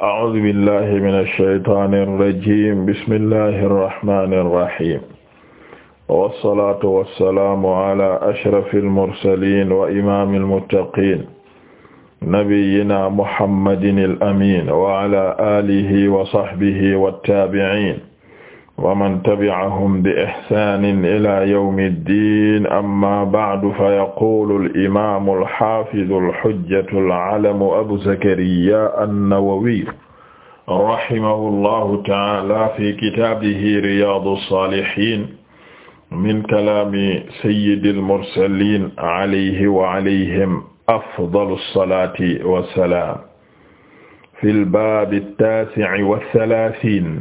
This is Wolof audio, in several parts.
a'uuzu billahi mina shaytaani rajiim bismillahi rahmaani rahiim wassalaatu wassalaamu ala ashrafil mursaliin wa imaamil muttaqiin nabiyyinaa muhammadinil amiin wa ala aalihi wa sahbihi wattaabi'iin waman tabi'ahum bi ihsaanin ilaa yawmi ddiin amma ba'du fa yaquulu al-imaamu al-haafidu al-hujjatu al-'alamu abu zakariyaa an-nawawi rahimahu llahu ta'aalaa fi kitaabihi riyaadu s-saalihiin min kalaami sayyidi l-mursaliin alayhi wa alayhim afdalu s-salaati wa s-salaam fil baabi t-taasi'i wa th-thalaathiin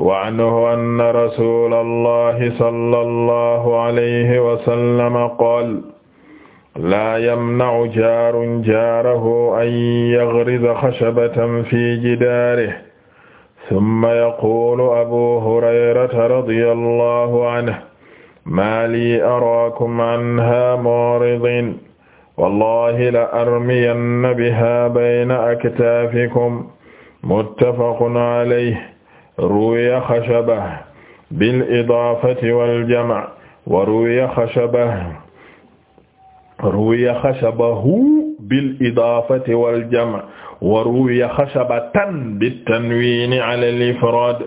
wa anhu anna rasuulallahi sallallahu alayhi wa sallam qaala laa yamna'u jaarun jaarahu an yaghriza khashabatan fi jidaarihi summa yaquulu abu hurayrata radiyallahu anhu maa lii araakum anhaa mu'ridiin wallaahi la armiyanna bihaa bayna aktaafikum muttafaqun alayhi ruwiya xashabah bil idaafati wal jam' wa ruwiya xashabah ruwiya xashabahu bil idaafati wal jam' wa ruwiya xashabatan bit tanwiini ala al ifraad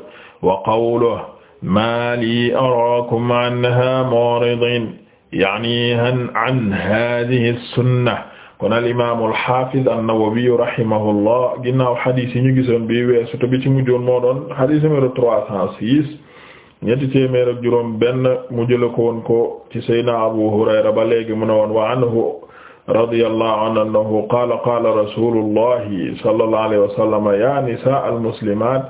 wa qawluhu maa lii araakum anhaa mu'ridiin ya'nii an haadihi sunna kon al imaam al haafiz an-Nawawi rahimahullah ginnaaw xadis yi ñu gisoon bi weesu te bi ci mujjoon moo doon xadis numéro trois cent six ñetti téeméer ak juróom benn mu jëla ko woon ko ci Seydina Abu Hurayra ba léegi mu ne woon wa anhu radiyallahu anhu annahu qaala qaala rasuulullahi sallallahu alayhi wa sallam ya nisaa al-muslimaat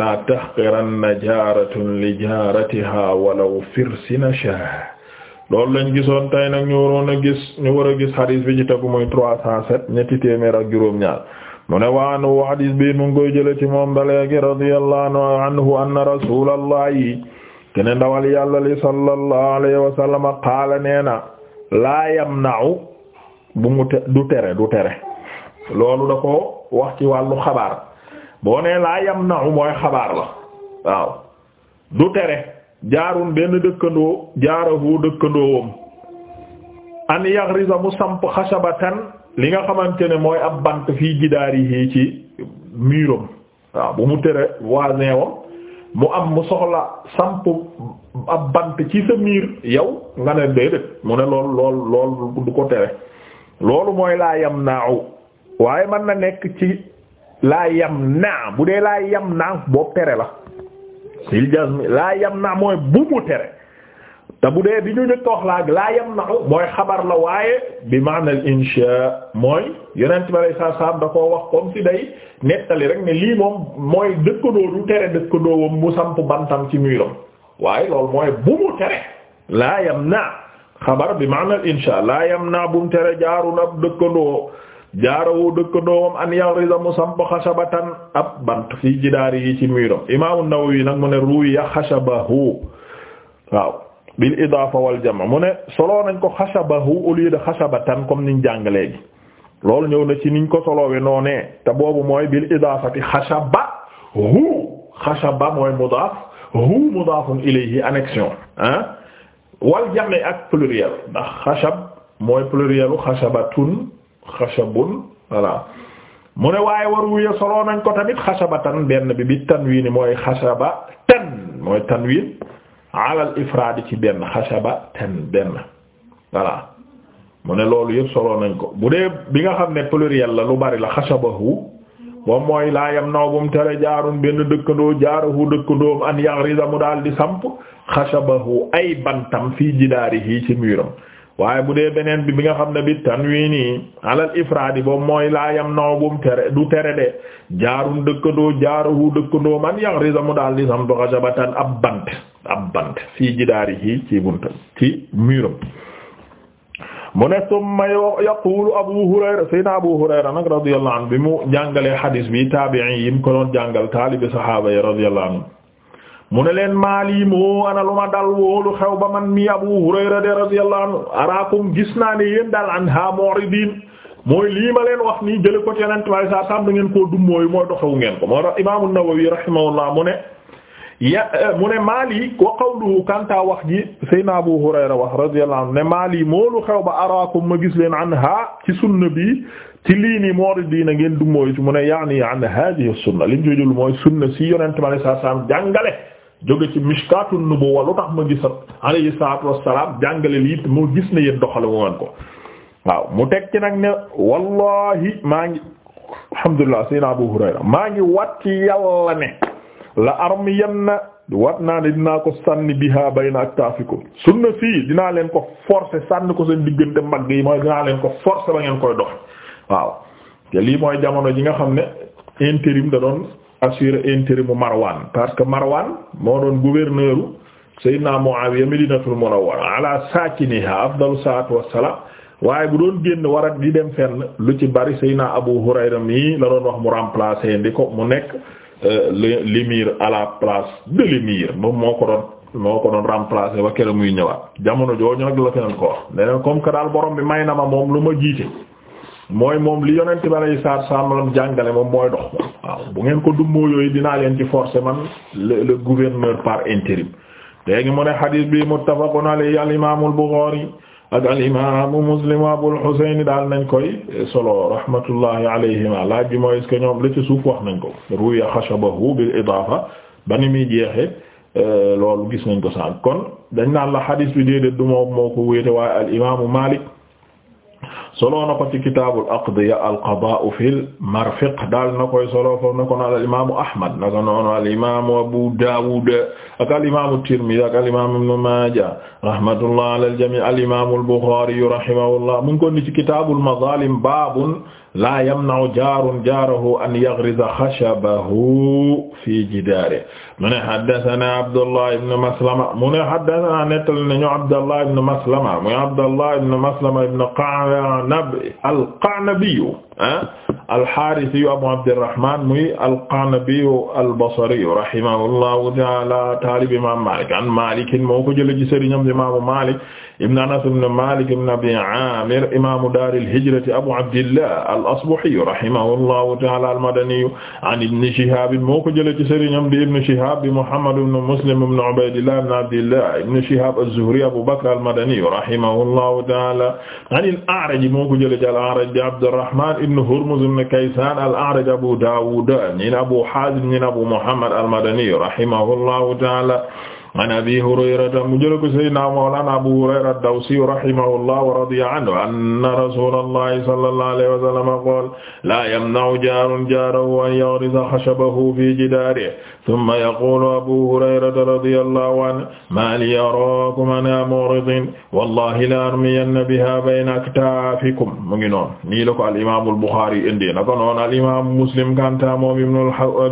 laa tahqiranna jaaratun li jaaratihaa walaw firsina shaah loolu lañ gisoon tay nag ñu waroon a gis ñu war a gis xadis bi ci tegu muy trois cent sept ñetti téeméer ak juróom-ñaar mu ne waanu xadis bi nu koy jële ci moom baleegi radiyallahu anhu anna rasulallahi kene ndawal yàlla li sallallahu alayhi wa sallam laa nee na laa yamna'u bu mu te du tere du tere loolu da ko wax ci wàllu xabaar boo nee laa yamna'u mooy xabaar la waaw du tere jaarun benn dëkkandoo jaarahu dëkkandoowam an yagrisa bu samp xasabatan li nga xamante ne mooy ab bant fii gidaar yi ci muuram waaw bu mu tere voisin wam mu am mu soxla samp ab bant ci sa miir yow nga ne déedéet mu ne lool lool lool du ko tere loolu mooy laa yam aw waaye mën na nekk ci laa yam naa bu dee laa yam naa boobu tere la fil jazmi laa yam na mooy bu mu tere te bu dee bi ñu njëkk wax laag laa yam na mooy xabar la waaye bi maana al insha mooy yonent bi saa saam da koo wax comme si day nettali rek ne lii moom mooy dëkkandoo du tere dëkkandoowam mu samp bantam ci muiram waaye loolu mooy bu mu laa yam na xabar bi maana al insha laa yam na bu mu jaaru na dëkkandoo jaarawoo dëkkandoowam an yagrisa mu samp xasabatan ab bant fii jidaari yi ci miiram imaamu Nawawi nag mu ne ruya xasabahu waaw bil idaafa wal jama mu ne soloo nañ ko xasabahu au lieu de xasabatan comme niñ jàngalee gi loolu ñëw na ci niñ ko soloowe noonee te boobu mooy bil idaafati xasabahu xasaba mooy mudaaf hu mudaafun ilayhi annexion ah wal ak pluriel ndax xasab mooy plurielu xasabatun xasabun voilà mu ne waaye war wuye soloo nañ ko tamit xasabatan benn bi bi tanwiin mooy xasaba ten mooy tanwiin alal ifraadi ci benn xasaba ten benn voilà mu ne loolu yëpp soloo nañ ko bu dee bi nga xam ne pluriel la lu bari la xasabahu moom mooy laayam naw bu mu tere jaarun benn dëkkandoo jaarahu dëkkandoo an yagrisa mu daal di samp xasabahu ay bantam fii jidaarihi ci muuram waaye bu dee beneen bi bi nga xam ne bi tanwini alal ifraadi boobu mooy laayam naw bum tere du tere de jaarun dëkkandoo jaaruhu dëkkandoo man yaghriza mu daal di samtu xasabatan ab bant ab bant fii jidaarihi ci bunta ci muram mu ne summa yaqulu abu hurayra sayna abu hurayra nag radiyallahu anhu bi mu jàngalee hadis bi taabi'i yim ko doon jàngal taalibi sahaaba yi radiyallahu anhu mu ne leen maali moo ana dal woolu xew ba man mi Abu Hurayra de radiyallahu anhu araakum gis naa ne yéen daal anha mu'ridin mooy lii leen wax nii jële ko ci yeneen tubaab saa sàmm ngeen koo dum mooy mooy ngeen ko moo tax Imaam an-Nawawi rahimahullah mu ne ya mu ne maali wa qawluhu kanta wax ji Seydina Abu Hurayra wax radiyallahu anhu ne maali moolu xew ba araakum ma gis leen anha ci sunna bi ci lii nii mu'ridin ngeen dum mooy mu ne yaani an hadhihi sunna li ñu jël mooy jóge ci mishkatun nubuwwa lu tax ma gis alayhi salaatu wassalaam jàngale lii mu gis na yéen doxale woon ko waaw mu teg ci nag ne wallahi maa ngi alhamdulillah sayna Abu Hurayra maa ngi wat ci yàlla ne la armiyanna wat naa ne dinaa ko sànni biha bayna aktaafikum sunna fii dinaa leen ko forcer sànni ko seen diggante mag yi mooy dinaa leen ko forcer ba ngeen koy dox waaw te lii mooy jamono ji nga xam ne intérim da doon assurer intérimu Marwan parce que Marwan moo doon gouverneur Sayyidina Muawiya Madinatul Munawwara ala sakiniha afdalu salaatu wassalaam waaye bu doon génn war a di dem fenn lu ci bari Sayyidina Abu Hurayra mii la doon wax mu remplacer ndi ko mu nekk euh, l'émir à la place de l'émir moom moo ko doon moo ko doon remplacer ba keroog muy ñëwaat jamono jooju nag la feneen ko wax leneen comme que daal borom bi may na ma moom lu ma jiite. mooy moom li yonent bi alayhi salaatu salaam jàngale moom mooy dox moom waaw bu ngeen ko dummoo yooyu dinaa leen ci forcer man le gouverneur par intérim léegi mu ne xadiis bi muttafaqun alayhi al imaamu al Buxaari ak al imaamu Muslim wa Abul Husayn daal nañ koy solo rahmatullahi alayhima laaj bi mooy est-ce que ñoom wax nañ ko ruya xashabahu bil idaafa ba ni muy jeexe euh, loolu gis nañ ko sànq kon dañ naan la xadiis bi déedéet du moo ko wéete waaye al solo na ko ci kitaabul aqdiya alqadaa'u fil marfiq daal na koy solo foofu na ko al imaamu Ahmad na ko noonu al imaamu Abu Daawud ak al imaamu Tirmidhi ak al imaamu Ibn Maaja rahmatullah ala al jamii' al imaamu al Buxaari rahimahullah mu ngi ko ni ci kitaabul mazaalim baabun laa yamna'u jaarun jaarahu an yaghriza khashabahu fi jidaarihi mu ne haddathana Abdullah ibn Maslama mu ne haddathana nettali nañu Abdullah ibn Maslama muy Abdullah ibn Maslama ibn Qa'nab al-Qa'nabi ah, al-Haarisi Abu Abdirrahmaan muy al-Qa'nabi al-Basri rahimahullahu ta'aala taalib imaam Maalik an Maalik moo ko jëlee ci sëriñam imaamu Maalik ibn Anas ibn Malik ibn Abi Amir imamu dar al-hijrati Abu Abdillah al-Asbahi rahimahullahu ta'ala al-Madani an Ibn Shihab moo ko jëlee ci sëriñam di Ibn Shihab bi Muhammad ibn Muslim ibn Ubaydillah ibn Abdillah ibn Shihab az-Zuhri Abu Bakr al-Madani rahimahullahu ta'ala an al-A'raj moo ko jëlee ci al-A'raj di Abdurrahman ibn Hurmuz ibn Kaysan al-A'raj Abu Dawud ñi Abu Hazim ñi Abu Muhammad al-Madani rahimahullahu ta'ala an abi hurayrata mu jëla ko sayyidina mawlana abu hurayra dawsi rahimahullah wa radiya anhu anna rasulallahi sallallahu alayhi wa sallam qaala laa yamna'u jaarun jaarahu an yaghriza khashabahu fi jidaarihi thumma yaqulu abu hurayrata radiyallahu anhu maa lii araakum anhaa mu'ridiin wallaahi la armiyanna bihaa bayna aktaafikum mu ngi noonu nii la ko al-imaam al-Buxaari indi na ko noonu al-imaam Muslim kanta moom ibn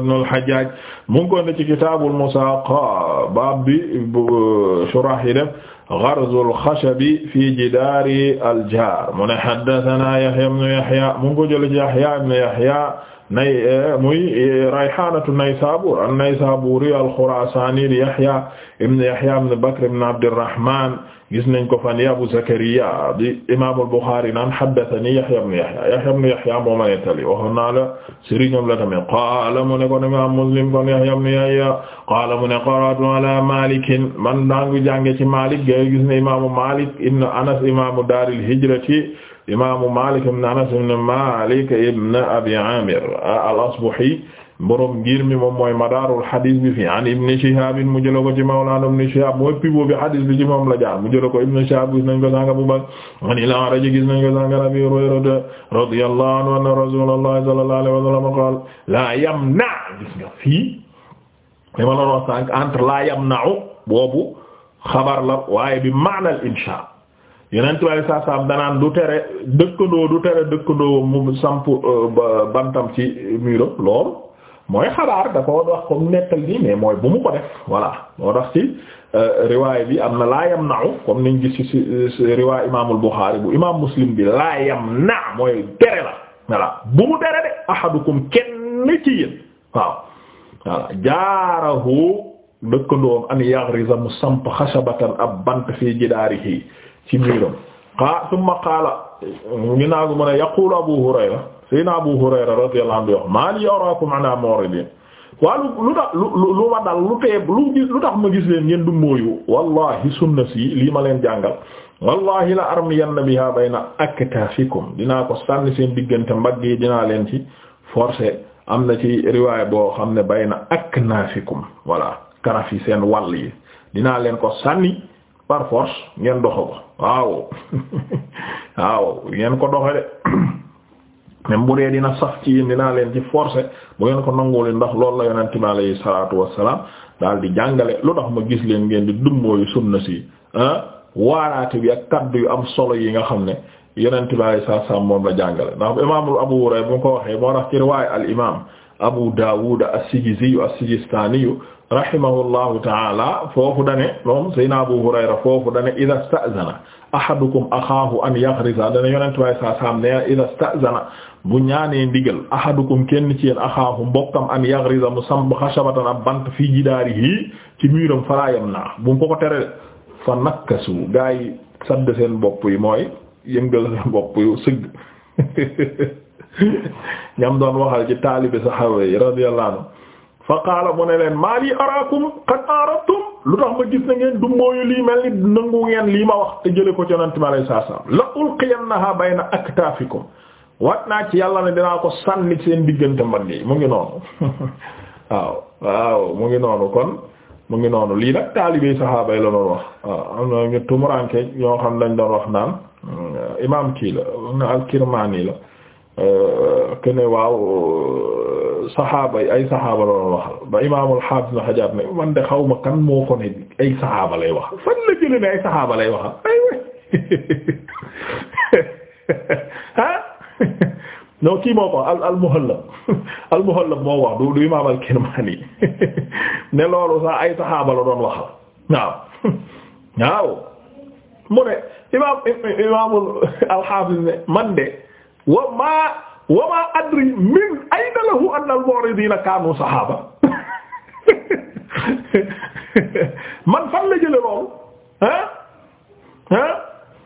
al-Hajjaaj mu ngi ko ci kitaabul musaaqaa bi shurah yi def Gharzul Khashabi fi jidaari al-jaar mu ne haddathanaa Yahyaa ibn Yahyaa mu ngi ko jëlee ci Yahyaa ibn Yahyaa nay eh, muy eh, rayhanatu naysabur an naysaburi al khurasani li yahya ibn yahya ibn bakr ibn abdirrahman gis nañ ko fan abu zakariya di imam al bukhari naan haddathani yahya ibn yahya yahya ibn yahya moo ma nettali waxoon naa la sëriñam la tamit qaala mu ne kon imam muslim kon yahya ibn yahya qaala mu ne qara'tu ala malik man dangu jànge ci malik ga gis ne imam malik ibn anas imam dar al hijrati imaamu Maalik ibn Anas ibn Maalik ibn Abi Aamir al-Asbahi borom ngir mi moom mooy madaarul hadis bi fi an Ibn Shihab mu jëla ko ci mawlaana Ibn Shihab mooy pibo bi hadis bi ci moom la jaar mu jëla ko Ibn Shihab gis nañ ko sànq bu baax an al-A'raj gis nañ ko sànq Abi Hurayra radiyallahu anhu anna Rasuulallahi sallallahu alayhi wa sallam qaala laa yamna gis nga fii li ma la wax sànq entre laa yamna'u boobu xabar la waaye bi ma'na al-inshaa yeneen tubaab yi saasaam danaan du tere dëkkandoo du tere dëkkandoo mu samp euh, bantam ci muro lool mooy xabaar da ko wax comme nekkal nii mais mooy bu mu ko def voilà moo tax ci euh, riwaay bi am na laa yam naaw comme niñ gis ci riwaay imaamul Buxaari bu imaam Muslim bi laa yam naa mooy tere la voilà bu mu tere de ahadukum kenn ci yéen waaw voilà jaarahu dëkkandoom an yaghriza mu samp xasabatan ab bant fii jidaarihi ci biiram xaa summa qaala ginnaaw gi mu ne yaqulu Abu Hurayra sayna Abu Hurayra radiyallahu anhu wax maa li araakum ala mu'ridin waaw lu tax lu lu ma dal lu tee lu gis lu tax ma gis leen ngeen du mooyu wallahi sunna si lii ma leen jàngal wallahi la armiyanna biha bayna aktafikum dinaa ko sànni seen diggante mbagg yi dinaa leen ci forcé am na ci riwaay boo xam ne bayna aknafikum voilà karaf yi seen wàll yi dinaa leen ko sànni par force ngeen doxa ko waaw waaw ngeen ko doxe de même bu dee dina sax ci yéen naa leen ci forcer bu ngeen ko nanguwul ndax lool la yonent bi alayhi salaatu wassalaam daal di jàngale lu tax ma gis leen ngeen di dummóoyu sunna si ah waaraate bi ak kaddu yu am solo yi nga xam ne yonent bi alayhi salaatu wassalaam moom la jàngale ndax imaamul Abu Hurayra bu ko waxee moo tax ci riwaaya al imaam Abu Daawud as-Sijiziyu as-Sijistaaniyu rahimahullahu taala foofu dane moom sayna Abu Hurayra foofu dane ida stazana ahadukum axaahu an yaxrisa dane yonent waay saa ne ida stazana bu ñaanee ndigal ahadukum kenn ci yéen axaahu mbokkam an yaxrisa mu samb xasabatan bant fii jidaarihi ci miiram faraayam naa bu ko ko tere fa nakkasu gaa yi sadd seen mooy yëngal seen bopp yu ñam doon waxal ci taalibe saxaaba yi radiyallahu anhu fa qaala mu ne leen maa araakum qad aradtum lu tax ma gis na ngeen du lii mel ni nangu ngeen lii ma wax te jële ko ci yonent mi alayhi salaam la ulqiyannaha bayna aktaafikum wat naa ci yàlla ne dinaa ko sànni seen diggante mbagg yi mu ngi noonu waaw waaw mu ngi noonu kon mu ngi noonu lii nag taalibey saxaaba yi la doon wax waaw am na ñu ñoo xam dañ doon wax naan imaam kii la na al-Kirmaani la kene waaw saxaaba yi ay saxaaba la doon waxal ba imaamul xaafis na xajaat ne man de xaw ma kan moo ko ne ay saxaaba lay wax fan la jëlee ne ay saxaaba lay waxal ay way ah non kii moo ko al al muhallab al muhallab moo wax du du imaam al kirmaani ne loolu sax ay saxaaba la doon waxal waaw waaw mu ne imaam imaamul al xaafis ne man de wa maa. wa ma adri min ayna lahu anna al-mu'ridina kaanu saxaaba man fan la jëlee loolu ah ah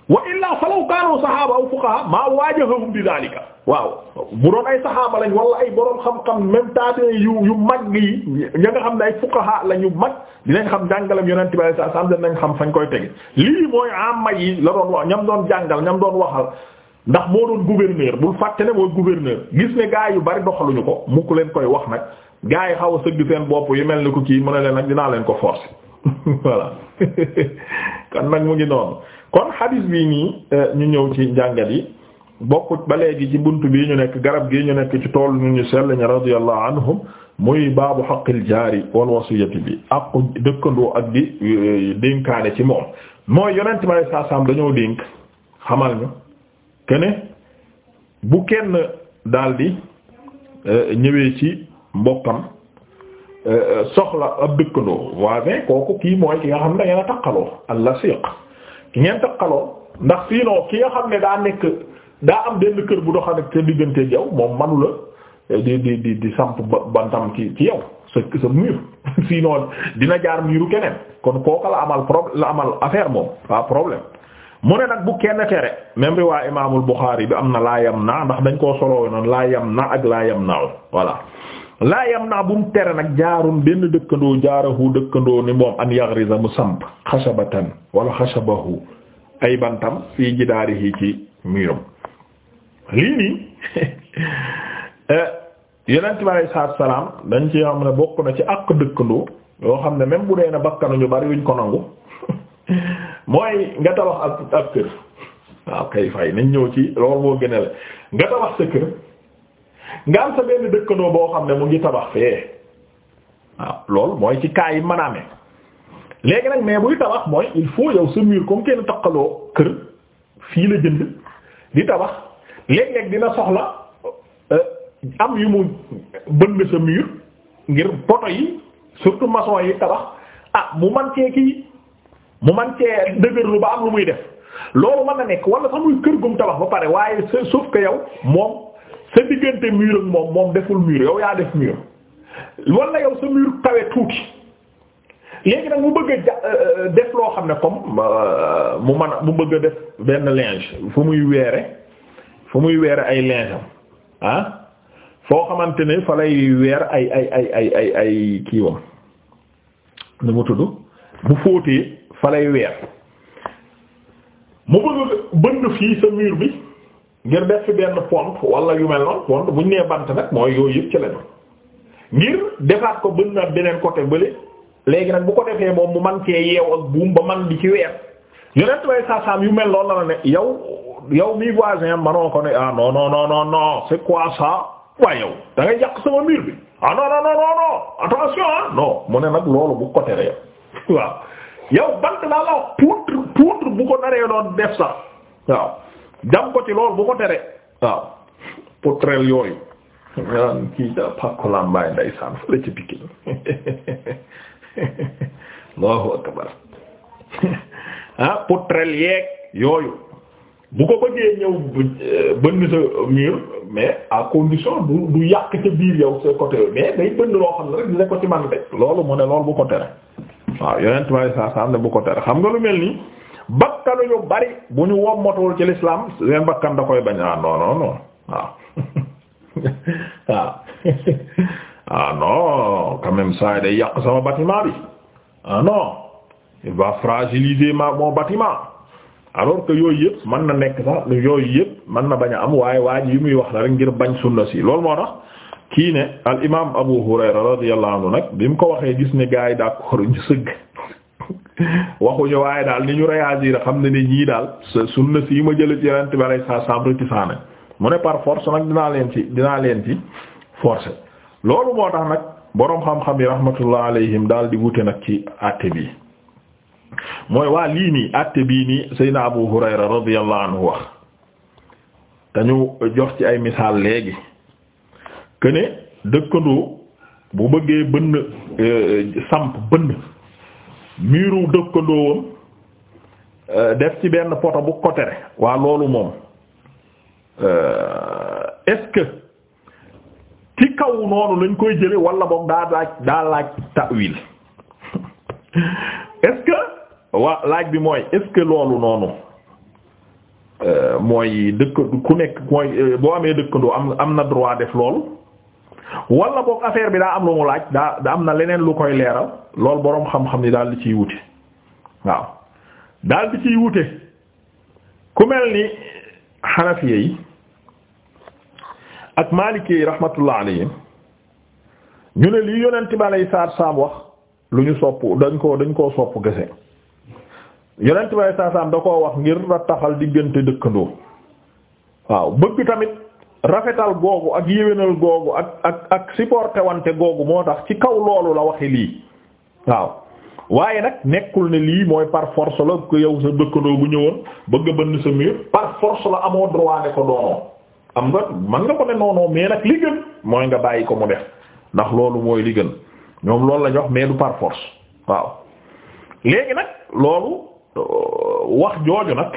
wa illaa falaw kaanu saxaaba aw fuqaha maa waajahahum bi daalika waaw bu doon ay saxaaba lañ wala ay borom xam-xam même taate yu yu mag yi ña nga xam ne ay fuqaha la ñu mag dinañ xam jàngalam yonent bi sallallahu alayhi wasallam dinañ xam fañ koy tege lii mooy am yi la doon wax ñam doon jàngal ñam doon waxal ndax moo doon gouverneur bul fàtte ne mooy gouverneur gis ne gaa yu bari doxaluñu ko mukk leen koy wax nag gaa yi xaw a sëgg seen bopp yi mel ni ko kii mu ne leen nag dinaa leen ko forcer voilà kon nag mu ngi noonu kon hadis bii nii euh, ñu ñëw ci njàngat yi bokk ba léegi ci bunt bii ñu nekk garab gii ñu nekk ci tool ñu ñu sell ñi radiyallahu anhum muy baabu xaqil jaari wal wasiyati bi ak dëkkandoo ak di euh, dénkaane ci moom mooy yonent ma saa saam dañoo dénk xamal ñu kene bu kenn di euh, ñëwee ci mbokkam euh, soxla ab dëkkandoo voisin kooku kii mooy ki nga xam ne da ngeen a taqaloo allasiq ki ngeen taqaloo ndax sinon ki nga xam ne daa nekk daa am denn kër bu doxal ak te digganteeg yow moom manu la euh, di di di di samp bantam ci ci yow sa sa mur sinon dina jaar miiru keneen kon kooka la amal problème la amal affaire moom pas problème mu ne nag bu kenn tere même riwaa imaamul Buxaari bi am na laa yam naa ndax dañ koo soloowe noonu laa yam na ak laa yam naaw voilà laa yam naa bu mu tere nag jaarum benn dëkkandoo jaarahu dëkkandoo ni moom an yaghriza mu samp xasabatan wala xasabahu ay bantam fii jidaarihi ci miiram lii nii eh, yonent bi alayhi salaam dañ ci xam ne bokk na ci àq dëkkandoo yoo xam ne même bu dee na bakkanu ñu bari yuñ ko nangu mooy nga tabax ab ab kër waaw kay fay nañ ñëw ci loolu moo gën a la nga tabax sa kër nga am sa benn dëkkandoo boo xam ne mu ngi tabax fee waaw loolu mooy ci kaa yi mën a amee léegi nag mais buy tabax mooy il faut yow sa mur comme kenn taqaloo kër fii la jënd di tabax léeg-léeg dina soxla euh, am yu mu bënn sa mur ngir poto yi surtout maçon yi tabax ah mu man cee kii mu man cee dëgërlu ba am lu muy def loolu mën a nekk wala sax muy kër gum tabax ba pare waaye sauf que yow moom sa diggante mur ak moom moom deful mur yow yaa def mur wala yow sa mur kawe tuuti léegi nag mu bëgg euh, euh, def loo xam ne comme euh, mu man mu bëgg a def benn linge fu muy weere fu muy weere ay linge ah foo xamante ne fa lay weer ay ay ay ay ay kiiwam nu mu tudd bu fóotee fa yu weer mu bëgg bënn fii sa mur bi ngir def fi benn ponte wala yu mel noonu ponte bu ñu nee bant nag mooy yooyu ci la ngir defaat ko bënn a beneen côté bële léegi nag bu ko defee moom mu man cee yeew ak buum ba man bi ci weer yonent way saasaam yu mel loolu la ne yow yow mi voisin manoo ko ne ah non non c'est quoi ça waaye yow da ngay yàq sama mur bi ah non non non non ah, mu ne nag loolu bu côté la yow yow bant laa la wax poutre poutre bu ko naree doon def sax waaw jam ko ci lool bu ko tere waaw poutrelle yooyu ngaraan kii da pàkkola ci Pikine Allahu akbar ah, yooyu bu ko ko bëggee ñëw euh, bënn sa mur mais à condition bu du yàq ca biir yow sa côté mais day bënn loo xam ne rek ko ci man de loolu mu ne loolu bu ko tere waaw yonent may saa saa am ne bu ko tere xam nga lu mel nii bakkanu ñu bari bu ñu wommatul ci lislaam seen bakkan da koy bañ ah non waaw ah. waaw ah. ah non quand même day yàq sama bâtiment bi ah non il va fragiliser ma mon bâtiment alors que yooyu yëpp mën na nekk sax yooyu yëpp mën na bañ a am waaye waa ji yi muy wax la rek ngir bañ sunna si loolu moo tax kii ne al imaam Abu Hurayra radiyallahu nag bi mu ko waxee gis ne gaa yi d'accord ñu sëgg waxuñu waaye daal ni ñu réagir xam ne ni ñii daal sa sunna si ma jël ci yeneen tubaab yi saa sàmm retifaane mu ne par force nag dinaa leen ci dinaa leen ci forcer loolu moo tax nag boroom xam-xam yi rahmatullah alayhim daal di wute nag ci àtte bi mooy waa lii nii àtte bii nii Seydina Abu Hurayra radiyallahu anhu wax dañu jox ci ay misaal léegi. que dëkkandoo bu bëggee bënn euh, samp bënn miiru dëkkandoowam euh, def ci benn poto bu ko tere waa loolu moom euh, est-ce que kaw noonu lañ koy jële walla boog daa laaj daa laaj ta'wil est waa laaj bi mooy est-ce que loolu noonu mooy dëkk ku nekk mooy boo amee dëkkandoo am am na droit def loolu wala boog affaire bi daa am lu mu laaj daa da am na leneen lu koy leeral loolu boroom xam-xam ni daal di ciy wute waaw daal di ciy wute ku mel ni xanafiye yi ak maalikee yi rahmatullah alayhim ñu ne lii yonent bi alayhi salaatu wax lu ñu sopp dañ ko dañ koo sopp gese yonent bi alayhi salaatu da koo wax ngir rattaxal diggante dëkkandoo waaw bëgg tamit rafetal googu ak yéwénal googu ak ak ak supporté wante googu moo tax ci kaw loolu la waxe lii waaw waaye nag nekkul ne lii mooy par force la ko yow sa dëkkandoo bu ñëwoon bëgg a bënn sa mur par force la amoo droit ne ko doonoo am nga man nga ko ne noonoo mais nag li gën mooy nga bàyyi ko mu def ndax loolu mooy li gën ñoom loolu la jox wax mais du par waaw léegi nag loolu euh, wax jooju nag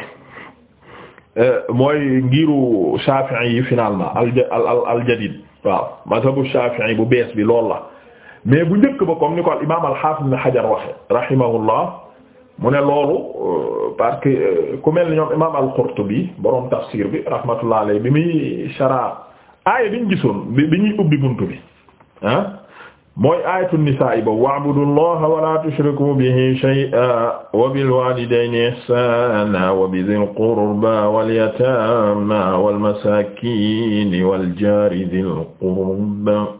Euh, mooy ngiru Shafi'i yi finalement al al al jadid bu bees bi loolu la mais bu njëkk ba comme ni ko al imaam al hafiz ibn waxe rahimahullah mu ne loolu euh, parce que euh, ku mel ni ñoom imaam borom tafsir bi rahmatullah alayhi bi muy shara aaya bi ñu gisoon bi bi ñuy ubbi buntu bi mooy aayatu nisaa ba wa'budu llaha wa la tushriku bihi shay'an wa bil walidayni ihsana wa bidhil qurba wal yatama wal masakin wal jari dhil qurba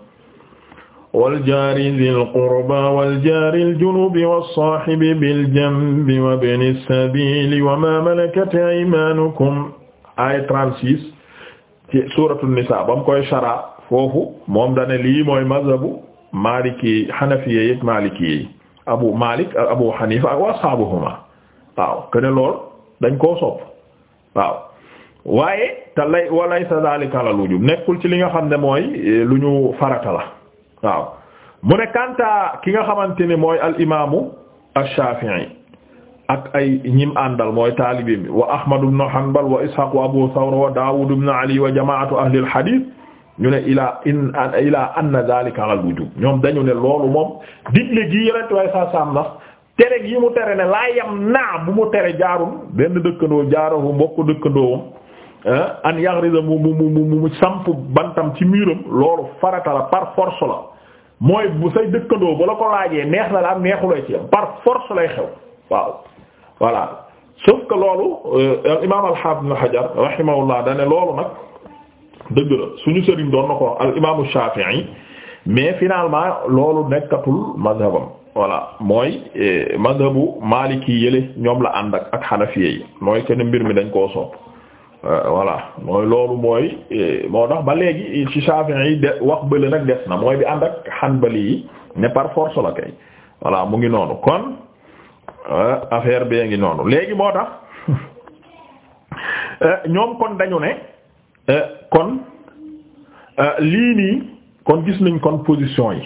wal jari dhil qurba wal jari al junubi was sahibi bil janbi wa ibnis sabili wa ma malakat aymanukum aaya 36 ci suratu nisaa bam koy shara foofu moom dane lii mooy mazhabu maliki xanafiye yeg maliki yi abu malik abu xanifa ak wa ashabuhuma waaw kene lool dañ koo sopp waaw waaye te lay walaysa dhalika ala wujub nekkul ci li nga xam ne mooy eh, lu ñu farata la waaw mu ne kanta ki nga xamante ne mooy al imaamu ash-shafi'i ak ay ñim àndal mooy taalibi mi wa ahmad ibn hanbal wa ishaq wa abu thawr wa daawud ibn ali wa jamaatu ahli al hadith ñu ne ilaa in ilaa anna zalika al wujub ñoom dañu ne loolu moom digle gi yonentu waaye saa saam na tere gi mu tere ne laa yam naa bu mu tere jaarul benn dëkkandoo jaarahu mbokk dëkkandoowam an yagrida mu mu mu mu samp bantam ci miiram loolu farata la par force la mooy bu say dëkkandoo ba la ko laajee neex na la am neexulay ci par force lay xew waaw voilà sauf loolu euh, imaam al-Hafiz Ibn Hajar rahimahullah dane loolu nag dëgg la suñu sëriñ doon na ko al imaamu Shafi'i mais finalement loolu nekkatul mazhabam voilà mooy eh, mazhabu maliki yële ñoom la ànd ak ak xanafiye yi mooy kenn mbir mi dañ koo sopp euh, voilà mooy loolu mooy eh, moo tax ba léegi ci Shafi'i yi de wax bële nag des na mooy bi ànd ak xanbali yi ne par force la kay voilà mu ngi noonu kon euh, affaire bee ngi noonu léegi moo tax euh, ñoom kon dañu ne. Euh, kon euh, lii nii kon gis nañ kon position yi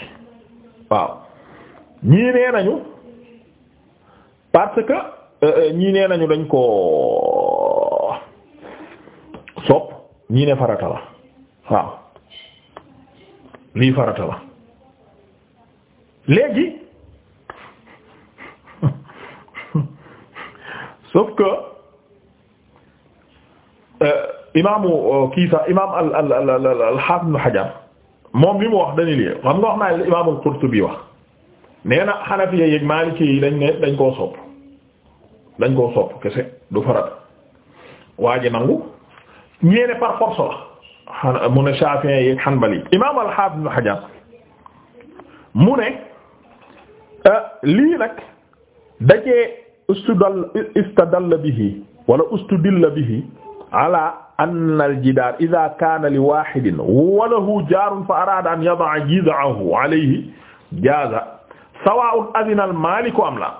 waaw ñii nee nañu parce que euh, ñii nee nañu dañ ko sopp ñii ne farata la waaw lii farata la léegi sauf que imaamu uh, kii sax imaam moom li mu wax dañu lii xam wax naa li imaamul Qurtubi wax nee na Hanafi yeeg Maliki dañ ne dañ koo dañ koo kese du farat waa ji nangu ñeene par force la mu ne Shafi'i yeeg Hanbali imaam al Hafiz Hajar mu ne uh, lii nag dajee istudal istadalla wala ustudilla bihi ala anna al jidaar idha kaana li waahidin wa lahu jaarun fa araada an yada'a jiz'ahu alayhi jaaza sawaa'un adhina al maaliku am laa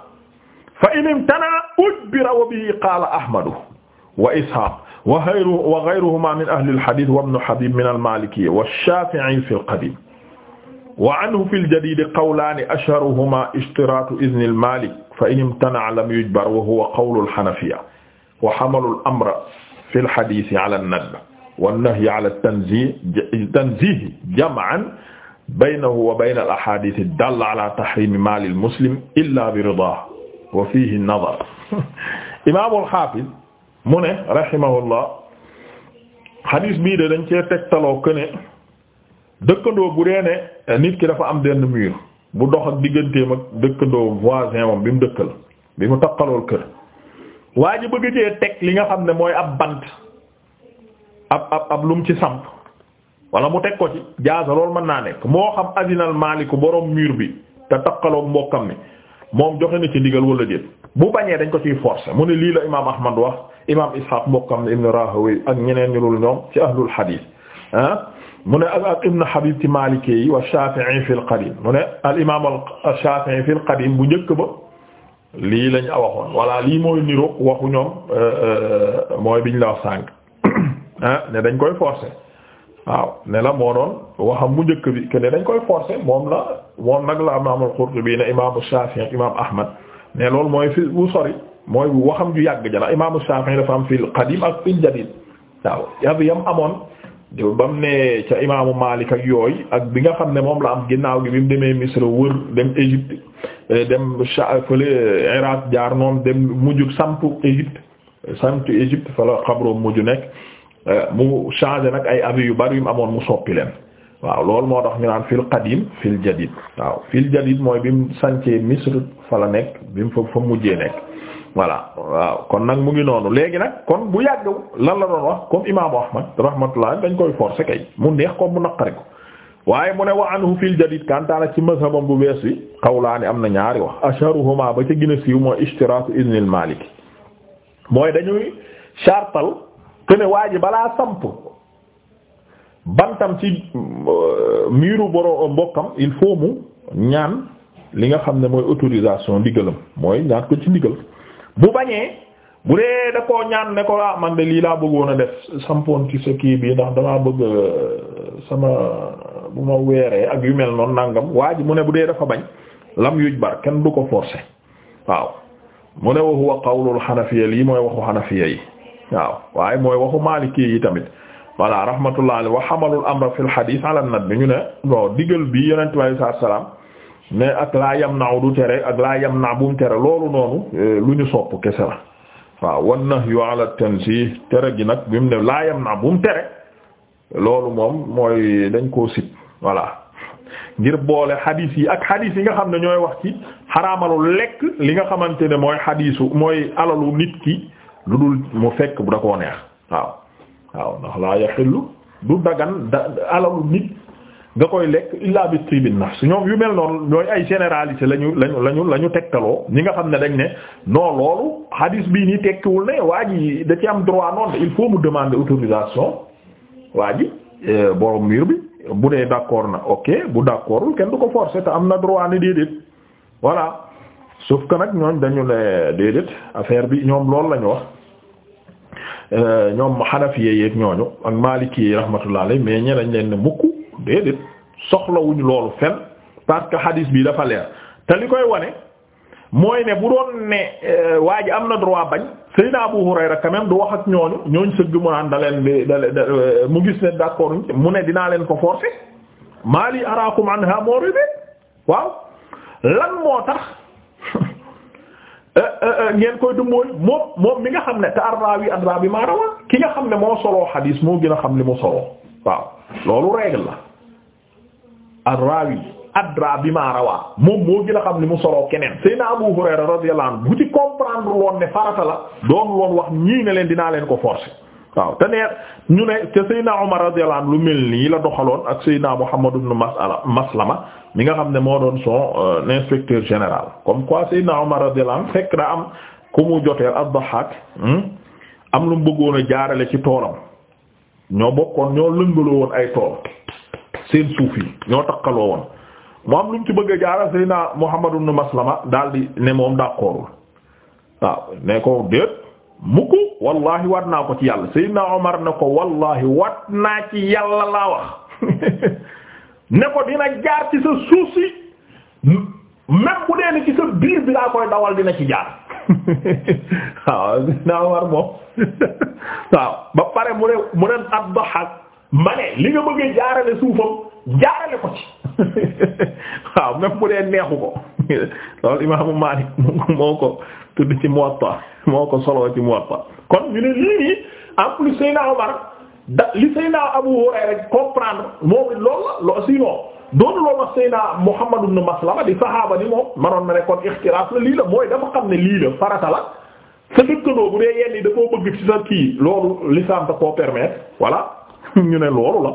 fa in imtana'a ujbira wa bihi qaala ahmadu wa ishaaq wa ghayru wa ghayruhumaa min ahli al hadiith wa ibn habiib min al maalikiyya wa shaafi'i fi al qadiim wa anhu fi ljadid qawlaani ashharuhuma ishtiraatu idni al maalik fa in imtana'a lam yujbar wa huwa qawlu al hanafiyya wa hamalu al amra fi lhaditi ala nadb wannahyi ala tanzih tanzihi jam'an baynahu wa bayna al ahadith dalla ala tahrimi maalil muslim illa bi ridaah wa fiihi nadar imaamul xaafis mu ne rahimahullah xadis bii de dañ cee tegtaloo que ne dëkkandoo bu dee ne nit ki dafa am benn mur bu dox ak digganteem ak dëkkandoo voisin moom bi mu dëkkal bi mu taqalool kër. waa ji bëgg cee teg li nga xam ne mooy ab bant ab ab ab lum ci samp wala mu teg ko ci jaasa loolu mën naa nekk moo xam azinal maaliku borom mur bi te takkaloog mbokkam ni moom joxe na ci ndigal wala déet bu bañee dañ ko ciy forcer mu ne lii la imaam Ahmad wax imaam Ishaq mbokkam ne ibn Rahawi ak ñeneen ñu dul ñoom ci ahlul hadith ah mu ne ak ibn Habib ci maalikee yi wa Shafi'i fil qadim mu ne al imaam al Shafi'i fil qadim bu njëkk ba. lii lañ a waxoon lii mooy niroog waxu ñoom euh, euh, mooy biñ la wax sànq ah ne dañ koy forcer waaw ne la moo doon waxam mu njëkk bi que ne dañ koy forcer moom la moom nag la imaam al-Qurtubi ne imaamu Shafi'i ak imaamu Ahmad ne loolu mooy fi bu sori mooy waxam ju yàgg jala imaamu Shafi'i dafa am fil qadim ak fil jadid waaw yàgg amoon. ba mu ne ca imaamu Malik ak yooyu ak bi nga xam ne moom la am ginnaaw gi bi mu demee Misra wër dem Égypte. Eh, dem cha fële Iraq jaar noonu dem mujj sampu Égypte sampu Égypte mujj nekk eh, mu changé nag ay avis yu bari yu amoon mu soppi leen waaw loolu moo tax ñu naan fii fil fii fil jadid waaw fil jadid mooy bi mu sancee Misr fa la nekk bi mu fa fa mujjee nekk voilà waaw kon nag mu ngi noonu léegi nag kon bu yàgg lan la doon wax comme imaamu Ahmad rahmatullah dañ koy forcer kay mu neex ko mu naqari waaye mu ne wa anhu fil jadid kantaana ci mazhabam bu bees bi xawlaani am na ñaari wax asharuhuma ba ca gën a siiw mooy ishtiraatu idnil maalik mooy dañuy chartal te ne waa ji balaa samp bantam ci euh, miiru boro mbokkam il faut mu ñaan li nga xam ne mooy autorisation ndigalam mooy ñaan ko ci ndigal bu bañee bu dee da ñaan ne ko ah man de lii laa bëggoon a sampoon ci sa kii bi ndax damaa bëgg euh, sama bu ma weeree ak yu mel noonu nangam waa ji mu ne bu dee dafa bañ lam yuj bar kenn du ko forcer waaw mu ne wa huwa qawlul xanafiya lii mooy waxu xanafiya yi waaw waaye mooy waxu maaliki yi tamit voilà rahmatullah alayhi wa xamalul amra fil xadiis ala an bi ñu ne bon digal bi yonent bi alayhi salaam ne ak laa yam naaw du tere ak laa yam naa bu mu tere loolu noonu eh, lu ñu sopp kese la waaw wan nahyu ala at tere gi nag bi mu ne laa yam naa bu mu tere loolu dañ koo voilà ngir boole xadiis yi ak xadiis yi nga xam ne ñooy wax ci xaraamalu lekk li nga xamante ne mooy xadiisu mooy alalu nit ki lu dul mu fekk bu da neex waaw waaw ndax laa yaxillu du dagan da alalu nit nga koy lekk illa bi tibin nafs ñoom yu mel noonu ñooy ay généralité lañu lañu lañu la ñu tegtaloo ñi nga xam ne dañ ne non loolu xadiis bii nii tekkiwul ne waa ji da ci am droit noonu il faut mu demander autorisation waa ji euh, borom bi bu dee d'accord na ok bu d'accordul kenn du ko forcer te am na droit ni déedéet voilà suuf ka nag ñooñ dañu ne déedéet affaire bi ñoom loolu lañu wax euh, ñoom xanafi yeeg ñooñu ak maliki yi rahmatullah alayhi mais ñe dañ leen ne mukk déedéet soxlawuñu loolu fen parce que hadis bi dafa leer te li koy wane mooy ne bu doon ne euh, waa ji am na droit bañ Seydina Abu Hurayra quand même du wax ak ñooñu ñooñ sëgg mu naan da leen di mu gis ne d'accord mu ne dinaa leen ko forcer maa li araakum anha muridin waaw lan moo tax eh, eh, eh, ngeen koy dummóoy moom moom mi nga xam ne te arraawi arraawi maa rawa ki nga xam ne moo soloo xadiis moo gën a xam li mu soloo loolu règle la arraawi adra bi ma rawaa moom moo gën a xam li mu soloo keneen Seydina Abu Hurayra radiyallahu bu ci comprendre loon ne farata la doon loon wax ñii ne leen dinaa leen ko forcer waaw te nee ñu ne te Seydina Umar radiyallahu anhu lu mel nii la doxaloon ak Seydina Muhammad ibn Mas'ala Maslama mi nga xam ne moo doon son euh, inspecteur général comme quoi Seydina Umar radiyallahu fekk na am ku mu joteel ad hmm? am lu mu bëggoon a jaarale ci toolam ñoo bokkoon ñoo lëngaloo woon ay tool seen ñoo takkaloo moom lu ci bëgg a jaara Seydina Muhammad ibn Maslama daal di ne moom d'accordul waaw ne ko déet mukk wallahi wat naa ko ci yàlla Seydina Omar ne ko wallahi wat naa ci yàlla laa wax ne ko dina jaar ci sa suuf si même bu ci sa biir bi laa koy dawal dina ci jaar waaw Seydina Omar moom waaw ba pare mu ne mu doxal ma ne li nga bëgg jaarale suufam jaarale ko ci waaw même bu dee neexu ko loolu imaamu Maalik moo ko tudd ci Muwatta moo ko soloo ci Muwatta kon ñu ne lii nii en plus Seydina Omar da li Seydina Abu Hurayra rek comprendre moom it loolu la loo sinon doonu loolu wax Seydina Muhammad ibn Maslama di saxaaba ni moom manoon na ne kon ixtilaaf la lii la mooy dafa xam ne lii la farata la sa dëkkandoo bu dee yenn yi da koo bëgg ci sa kii loolu l'islam da koo permettre voilà ñu ne loolu la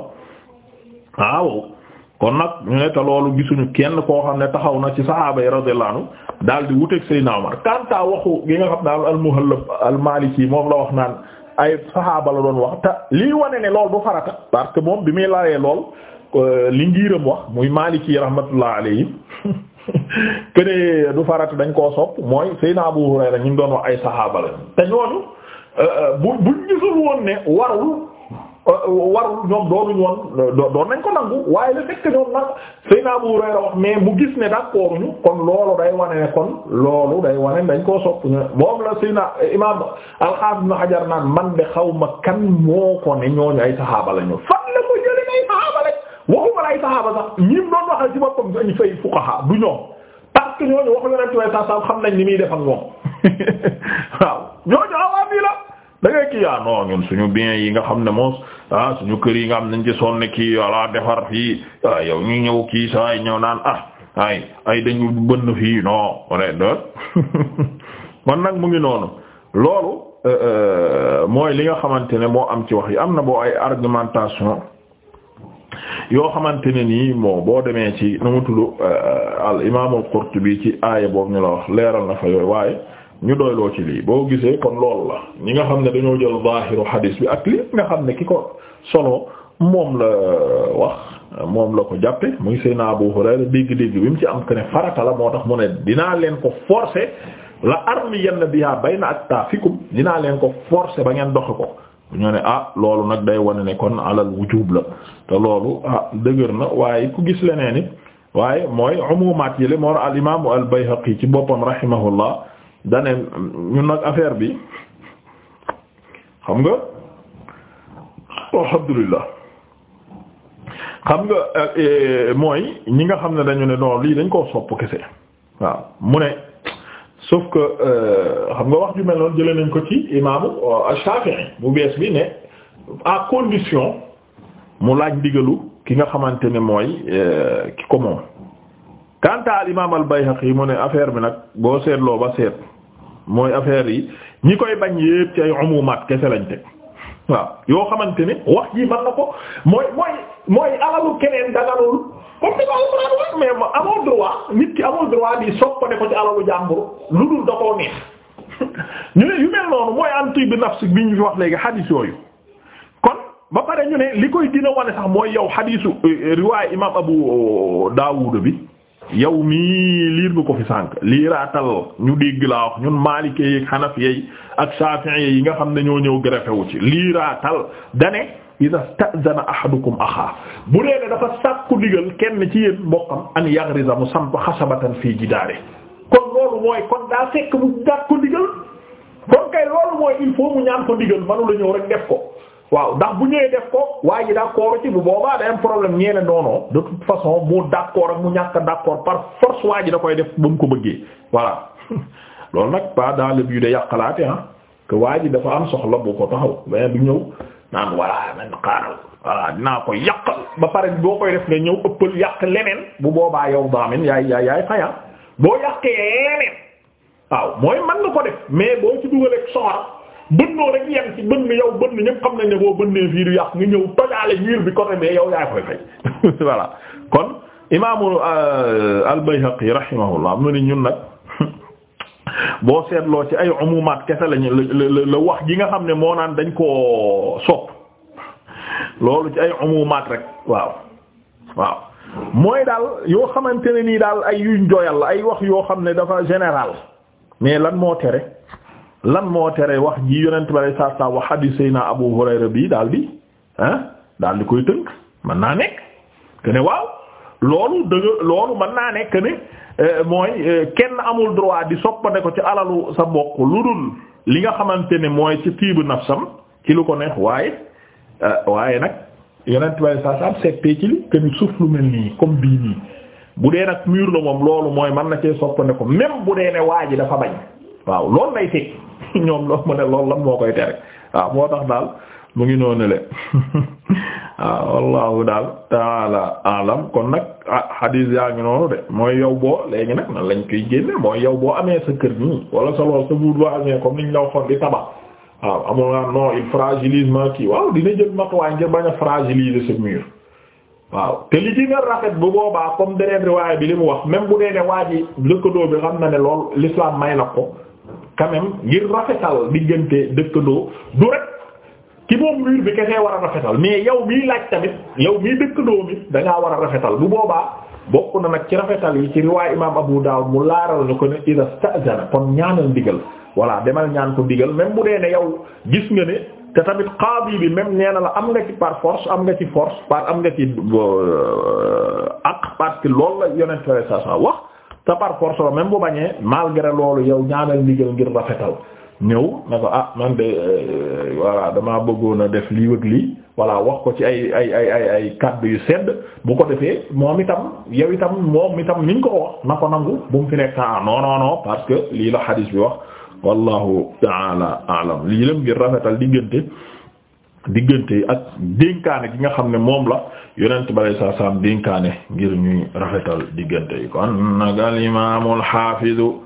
waaw kon nag ñu ne te loolu gisuñu kenn koo xam ne taxaw na ci saxaaba yi radiyallahu anhu daal di wuteeg Seydina Omar kanta waxu gi nga xam daal al-Muhallab al moom la wax naan ay saxaaba la doon wax te lii wane ne lool bu farata parce que moom bi muy laree lool euh, li ngiiram wax muy Maliki rahmatullah alayhi kene du farata dañ koo sopp mooy Seydina Abu Hurayra ñu doon wax ay saxaaba la te ñooñu euh, euh, bu buñ gisul woon ne warul. Euh, warul ñoom doonuñu woon doon nañ ko nangu waaye ñoom nag gis ne d'accord ñu kon loolu day wane ne kon loolu day wane dañ koo sopp ñu moom xaw ma kan moo la ko jëlee ay saxaaba lañ waxuma la ay ñoom parce ñooñu waxu muy def ak da ngay kii yaa ah, non ñun suñu bien yi nga xam ne moos ah suñu kër yi nga xam nañ ci sonn kii walla defar fii ah yow ñu ñëw kii saa ñëw naan ah ay ay dañu bënn fii non wala nag mu ngi noonu loolu euh, euh, mooy li nga xamante ne moo am ci wax yi am na boo ay argumentation yoo xamante ne nii moo boo demee ci nu mu tudd euh, al imaam al Qurtubi ci aaya boobu ñu la wax leeral na fa yooyu waaye. ñu doyloo ci lii boo gisee kon loolu la ñi nga xam ne dañoo jël zaahiru hadis bi ak li nga xam ne ki ko solo moom la wax moom la ko jàppe muy Seydina Abu Hurayra dégg-dégg bi mu ci am que ne farata la moo tax mu ne dinaa leen ko forcer la armi yenn biha bayna aktaafikum dinaa leen ko forcer ba ngeen doxe ko ñoo ne ah loolu nag day wane ne kon alal wujub la te loolu ah dëgër na waaye ku gis leneen it waaye mooy umumaat yi le moo al imaamu al Bayhaqi ci boppam rahimahullah dane ñun nag affaire bi xam nga alhamdulillah xam nga eh, eh, mooy ñi nga xam ne dañu ne non lii dañ koo sopp kese waaw mu ne sauf que euh, xam nga wax ju mel noonu jëlee nañ ko ci imaamu euh, Shafi'i mu bees bi ne à condition mu laaj ndigalu ki nga xamante ne mooy euh, ki ko moom. quant à al imaam al Bayhaqi mu ne affaire bi nag boo seetloo ba seet. mooy affaire yi ñi koy bañ yépp ci ay umumaat kese lañ teg waaw yoo xamante ni wax ji mën na ko mooy mooy mooy alalu keneen daganul comme ni ko alxuraan wax mais ma amoo droit nit ki amoo droit di soppane ko ci alalu jàmbur lu dul da koo neex ñu ne yu mel noonu mooy am tibb nafs bi ñu fi wax léegi xadiis kon ba pare ñu ne li koy dina wane sax mooy yow xadiisu euh, riwaay imaam Abu Daawud bi yow mii liir nga ko fi sànq liiraatal ñu dégg laa ñun maalikee yi xanafi yi ak shafi'i yi nga xam ne ñoo ñëw greffé wu ci liiraatal dane ida stazana ahadukum axaa bu dee dafa sàkku digal kenn ci yéen mbokkam an yaghriza mu samp xasabatan fii jidaare kon loolu mooy kon daa fekk mu sàkku digal kon kay loolu mooy il faut mu ñaan ko digal manu la ñëw rek def ko waaw ndax bu ñëwee def ko waa ji d'accord ci bu boobaa day am problème ñeene noonoo ak mu ñàkk d'accord par force waa ji da koy def ba mu ko bëggee voilà loolu nag pas dans le but de yàqalaate ah que waa ji dafa am soxla bu ko taxaw mais du ñëw naan voilà man xaaral voilà dinaa ko yàqal ba pare boo koy def nga ñëw ëppal yàq leneen bu boobaa yow baa yaay yaay yaay faya boo yàqee leneen waaw mooy mën na ko def mais boo ci dugalee soxor bënnoo rek yem ci bënn yow bënn ñëpp xam nañ ne boo bënnee fii du yàq nga ñëw tojaale miir bi ko mee yow yaa koy fay voilà kon imaamu euh, al-Bayhaqi rahimahullah mu ni ñun nag boo seetloo ci ay umumaat kese la la wax nga xam ne moo naan dañ koo sopp loolu ci ay umumaat rek waaw waaw mooy daal yoo xamante ne nii daal ay yuñ ay wax yoo xam ne dafa général mais lan moo tere lan moo tere wax ji yonent bi sallallahu alayhi wasallam wax hadith sayna Abu Hurayra bii daal di ah daal di koy tënk mën naa nekk que ne waaw loolu dëgg loolu mën naa nekk ne euh, mooy euh, kenn amul droit di soppane ko ci alalu sa mbokk lu dul li nga xamante ne mooy ci tiibu nafsam ci lu ko neex waaye euh, waaye nag yonent bi sallallahu alayhi wasallam seetee ci li que ni suuf lu mel nii comme bii nii bu dee nag mur la moom loolu mooy mën na cee soppane ko même bu dee ne waa ji dafa bañ. waaw loolu lay teg ñoom loolu mu ne loolu lan moo koy tere waaw moo tax daal mu ngi noonu le waaw wallahu daal taala alam kon nag ah xadiis yaa ngi noonu de mooy yow boo léegi nag nan lañ koy génne mooy yow boo amee sa kër nii wala sa lool sa buur boo amee comme niñ la waxoon ma kii waaw dina jël matuwaay ngir bañ a fragiliser ce mur waaw te li ci nga rafet bu boobaa comme beneen riwaay bi li mu wax même bu dee ne waa ji lëkkadoo bi xam na ne lool l'islam may na ko quand ngir rafetal diggante dëkkandoo du rek ki moom mur bi kese war a rafetal mais yow miy laaj tamit yow miy dëkkandoo mi da ngaa war a rafetal bu boobaa bokk na nag ci rafetal yi ci riwaay imaam Abu daaw mu laaral ñu ko ne ida sta'zana kon ñaanal ndigal voilà demal ñaan ko ndigal même bu dee ne yow gis nga ne te tamit qaadi bi même nee na la am nga ci par force am nga ci force par am nga ci euh, ak parce que loolu la yonent sa wax. te par force même bu bañee malgré loolu yow ñaanal ndigal ngir rafetal ñëw ne ko ah man de euh, voilà damaa bëggoon a def lii wëg lii voilà wax ko ci ay ay ay ay ay kaddu yu sedd bu ko defee moom itam yow itam moom itam ni nga ko wax na ko nangu bu mu fi nekk ah non parce que lii la xadiis bi wax wallahu taala alam lii lam ngir rafetal diggante diggante yi ak dénkaane gi nga xam ne moom la yonent bi alayhi salaatu salaam dénkaane ngir ñuy rafetal diggante yi kon nag al imaamu al xaafidu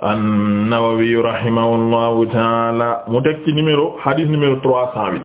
an-Nawawi rahimahullahu taala mu teg ci numéro hadith numéro trois cent huit